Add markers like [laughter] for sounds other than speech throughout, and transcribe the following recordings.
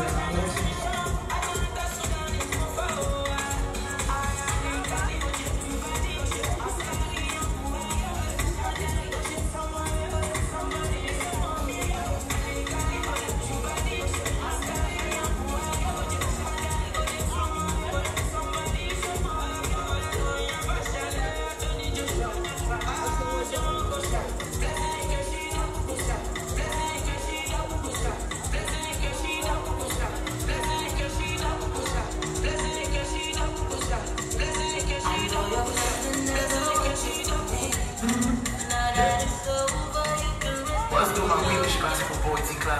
Thank you.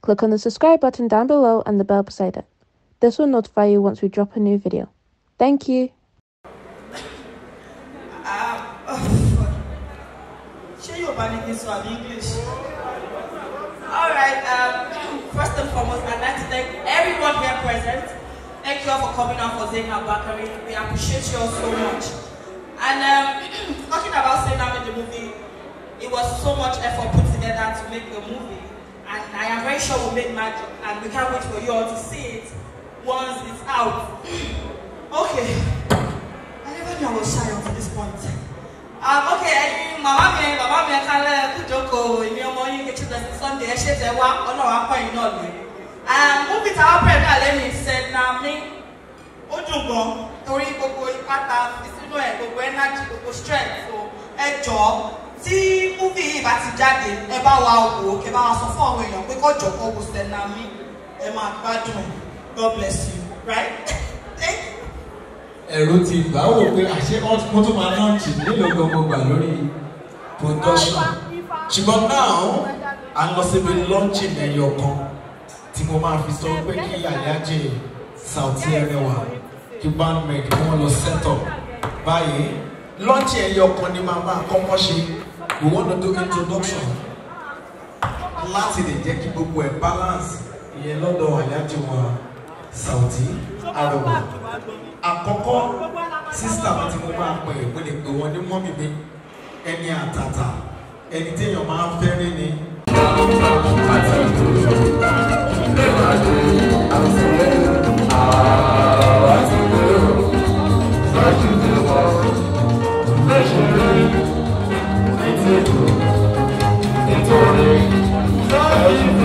Click on the subscribe button down below and the bell beside it. This will notify you once we drop a new video. Thank you! Alright, um, [clears throat] first and foremost, I'd like to thank everyone here present. Thank you all for coming out for Zainab Bakari. We appreciate you all so much. And um, [clears throat] talking about Zainab in the movie, it was so much effort put together to make the movie. I am very sure we made magic, and we can't wait for you all to see it once it's out. [clears throat] okay. I never knew I was shy up to this point. Um, okay, I màmá mi bàbá mi kálẹ̀ kújókòó èmi ọmọ get kejì lẹ́sìn Sunday ẹ ṣe tẹ wá ọlọ́run apọ̀yìn náà lórí. Múbi táwọn bẹ̀rẹ̀ náà lẹ́yìn ìṣẹ̀nàmí ó dùn gan torí gbogbo ipá ta fi sínú ẹ̀ gbogbo energy go strength so ẹ jọ̀ọ́ tí múfì yìí bá ti jáde ẹ bá wa wò ó kẹ bá wa sọ fún àwọn èèyàn pé kó jọ kó wo Stella Mi ẹ máa gbádùn God bless you right. ẹ̀rù ti bá wò pé àṣé mo tún máa láǹtì nílò gbogbo gbà lórí production ṣùgbọ́n now a lọ síbi launching ẹ̀yọ̀ kan tí mo máa fi sọ pé kí àyájẹ́ Saoty Ẹrẹwà kí bandmate wọn lọ set up báyìí launching ẹ̀yọ̀ kan ni màá máa kọ́kọ́ ṣe we want to do introduction láti lè jẹ́ kí gbogbo ẹ̀ balance ìyẹn lọ́dọ̀ àyájọ́ wa Saoty Arewa àkọ́kọ́ sísítà mi tí mo bá pè é mo lè pè wọ́n ní mọ́mì mi ẹni àtàtà ẹni téèyàn máa ń fẹ́ rí ni.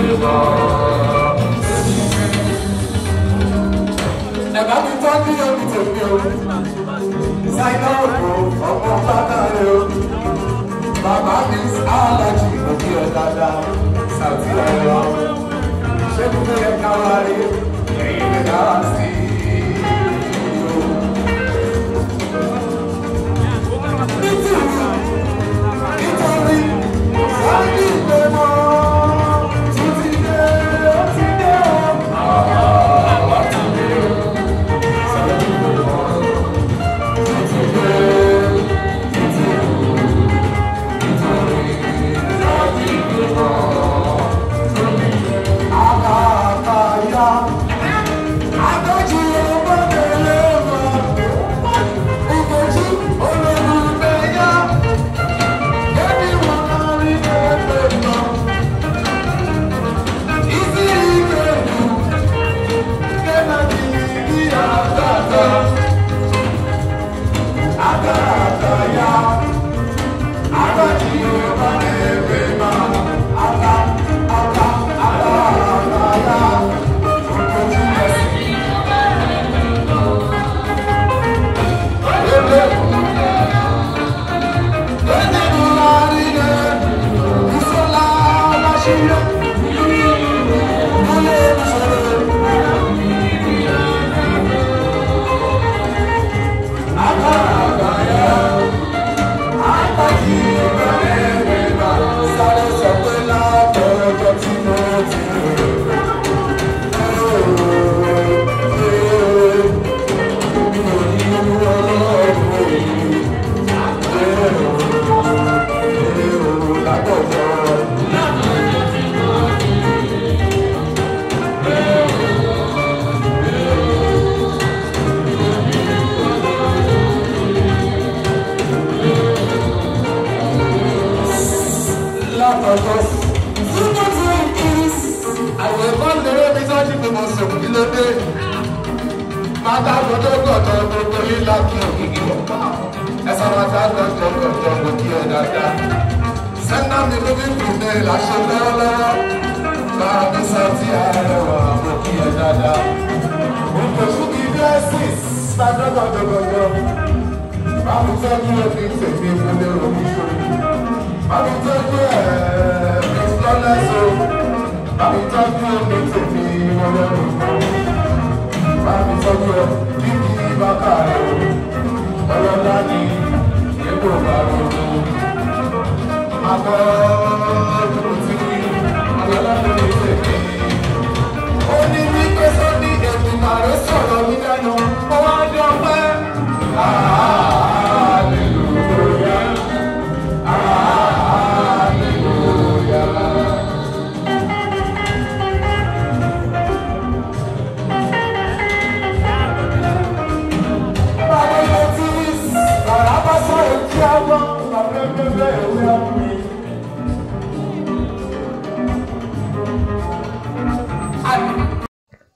Ẹ̀bá mi tọ́ ní omi tèmi o, Ṣáínà òkú ọmọ bàbá rẹ̀ o, bàbá mi Aláàjì òbí ọ̀dàdà, Sàtì you know àyẹ̀kọ́ lérè bí sọ́ọ́sì mi mo sùn kí ló dé mata gbọdọ gbọdọ gbogbo yín lákì ògìgì ẹsẹ mata gbọdọ gbọdọ gbòdì ẹ dáadáa sẹńdà mi ló fi kù ní ìlàṣẹ lọ́wọ́lọ́wọ́ bá a bí sọtí àrẹwà gbòdì ẹ dáadáa òkè fúkì dẹ́sìs gbọdọ gbọdọ gbọdọ báwo tẹ́jú ẹ fi tèmi ìfúnlẹ̀ òkú fún mi báwo tẹ́jú ẹ. Bàbí tọ́jú omi tèmi ọlọ́run. Bàbí tọ́jú bíbí bàbá rẹ̀ ọlọ́lá ni èkó bá ronú. Àbọ̀.